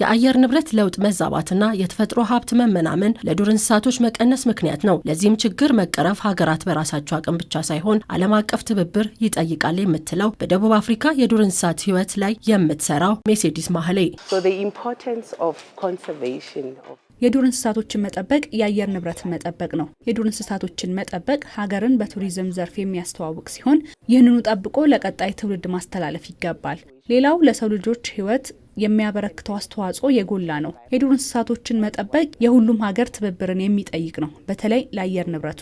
የአየር ንብረት ለውጥ መዛባትና የተፈጥሮ ሀብት መመናመን ለዱር እንስሳቶች መቀነስ ምክንያት ነው። ለዚህም ችግር መቀረፍ ሀገራት በራሳቸው አቅም ብቻ ሳይሆን ዓለም አቀፍ ትብብር ይጠይቃል የምትለው በደቡብ አፍሪካ የዱር እንስሳት ሕይወት ላይ የምትሰራው ሜሴዲስ ማህሌ የዱር እንስሳቶችን መጠበቅ የአየር ንብረትን መጠበቅ ነው። የዱር እንስሳቶችን መጠበቅ ሀገርን በቱሪዝም ዘርፍ የሚያስተዋውቅ ሲሆን ይህንኑ ጠብቆ ለቀጣይ ትውልድ ማስተላለፍ ይገባል። ሌላው ለሰው ልጆች ህይወት የሚያበረክተው አስተዋጽኦ የጎላ ነው። የዱር እንስሳቶችን መጠበቅ የሁሉም ሀገር ትብብርን የሚጠይቅ ነው፣ በተለይ ለአየር ንብረቱ።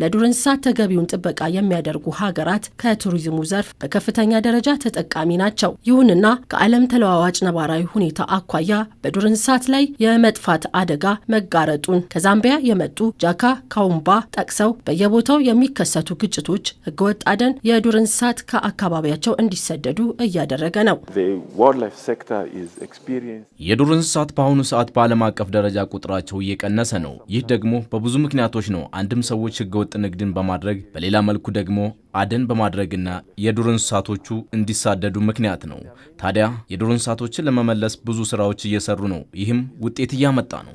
ለዱር እንስሳት ተገቢውን ጥበቃ የሚያደርጉ ሀገራት ከቱሪዝሙ ዘርፍ በከፍተኛ ደረጃ ተጠቃሚ ናቸው። ይሁንና ከዓለም ተለዋዋጭ ነባራዊ ሁኔታ አኳያ በዱር እንስሳት ላይ የመጥፋት አደጋ መጋረጡን ከዛምቢያ የመጡ ጃካ ካውምባ ጠቅሰው በየቦታው የሚከሰቱ ግጭቶች፣ ህገወጥ አደን፣ የዱር እንስሳት ከአካ አካባቢያቸው እንዲሰደዱ እያደረገ ነው። የዱር እንስሳት በአሁኑ ሰዓት በዓለም አቀፍ ደረጃ ቁጥራቸው እየቀነሰ ነው። ይህ ደግሞ በብዙ ምክንያቶች ነው። አንድም ሰዎች ህገወጥ ንግድን በማድረግ በሌላ መልኩ ደግሞ አደን በማድረግና የዱር እንስሳቶቹ እንዲሳደዱ ምክንያት ነው። ታዲያ የዱር እንስሳቶችን ለመመለስ ብዙ ስራዎች እየሰሩ ነው። ይህም ውጤት እያመጣ ነው።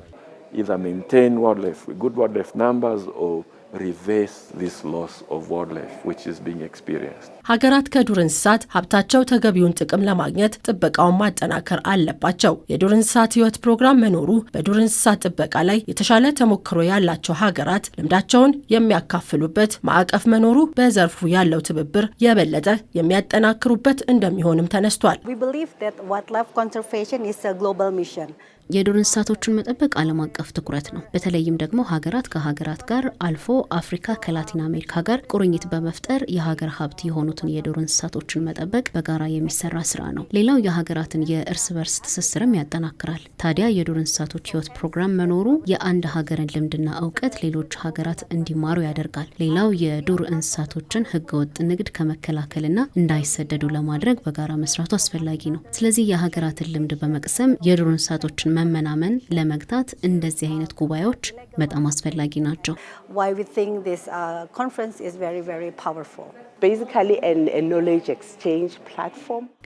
ሀገራት ከዱር እንስሳት ሀብታቸው ተገቢውን ጥቅም ለማግኘት ጥበቃውን ማጠናከር አለባቸው። የዱር እንስሳት ሕይወት ፕሮግራም መኖሩ በዱር እንስሳት ጥበቃ ላይ የተሻለ ተሞክሮ ያላቸው ሀገራት ልምዳቸውን የሚያካፍሉበት ማዕቀፍ መኖሩ በዘርፉ ያለው ትብብር የበለጠ የሚያጠናክሩበት እንደሚሆንም ተነስቷል። የዱር እንስሳቶችን መጠበቅ ዓለም አቀፍ ትኩረት ነው። በተለይም ደግሞ ሀገራት ከሀገራት ጋር አልፎ አፍሪካ ከላቲን አሜሪካ ጋር ቁርኝት በመፍጠር የሀገር ሀብት የሆኑትን የዱር እንስሳቶችን መጠበቅ በጋራ የሚሰራ ስራ ነው። ሌላው የሀገራትን የእርስ በርስ ትስስርም ያጠናክራል። ታዲያ የዱር እንስሳቶች ህይወት ፕሮግራም መኖሩ የአንድ ሀገርን ልምድና እውቀት ሌሎች ሀገራት እንዲማሩ ያደርጋል። ሌላው የዱር እንስሳቶችን ህገወጥ ንግድ ከመከላከልና እንዳይሰደዱ ለማድረግ በጋራ መስራቱ አስፈላጊ ነው። ስለዚህ የሀገራትን ልምድ በመቅሰም የዱር እንስሳቶችን መመናመን ለመግታት እንደዚህ አይነት ጉባኤዎች በጣም አስፈላጊ ናቸው። uh,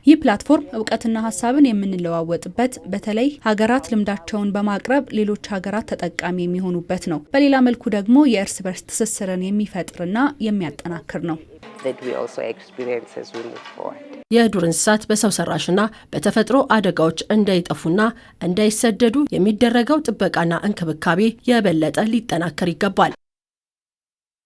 ይህ ፕላትፎርም እውቀትና ሀሳብን የምንለዋወጥበት በተለይ ሀገራት ልምዳቸውን በማቅረብ ሌሎች ሀገራት ተጠቃሚ የሚሆኑበት ነው። በሌላ መልኩ ደግሞ የእርስ በርስ ትስስርን የሚፈጥርና የሚያጠናክር ነው። የዱር እንስሳት በሰው ሰራሽና በተፈጥሮ አደጋዎች እንዳይጠፉና እንዳይሰደዱ የሚደረገው ጥበቃና እንክብካቤ የበለጠ ሊጠናከር ይገባል።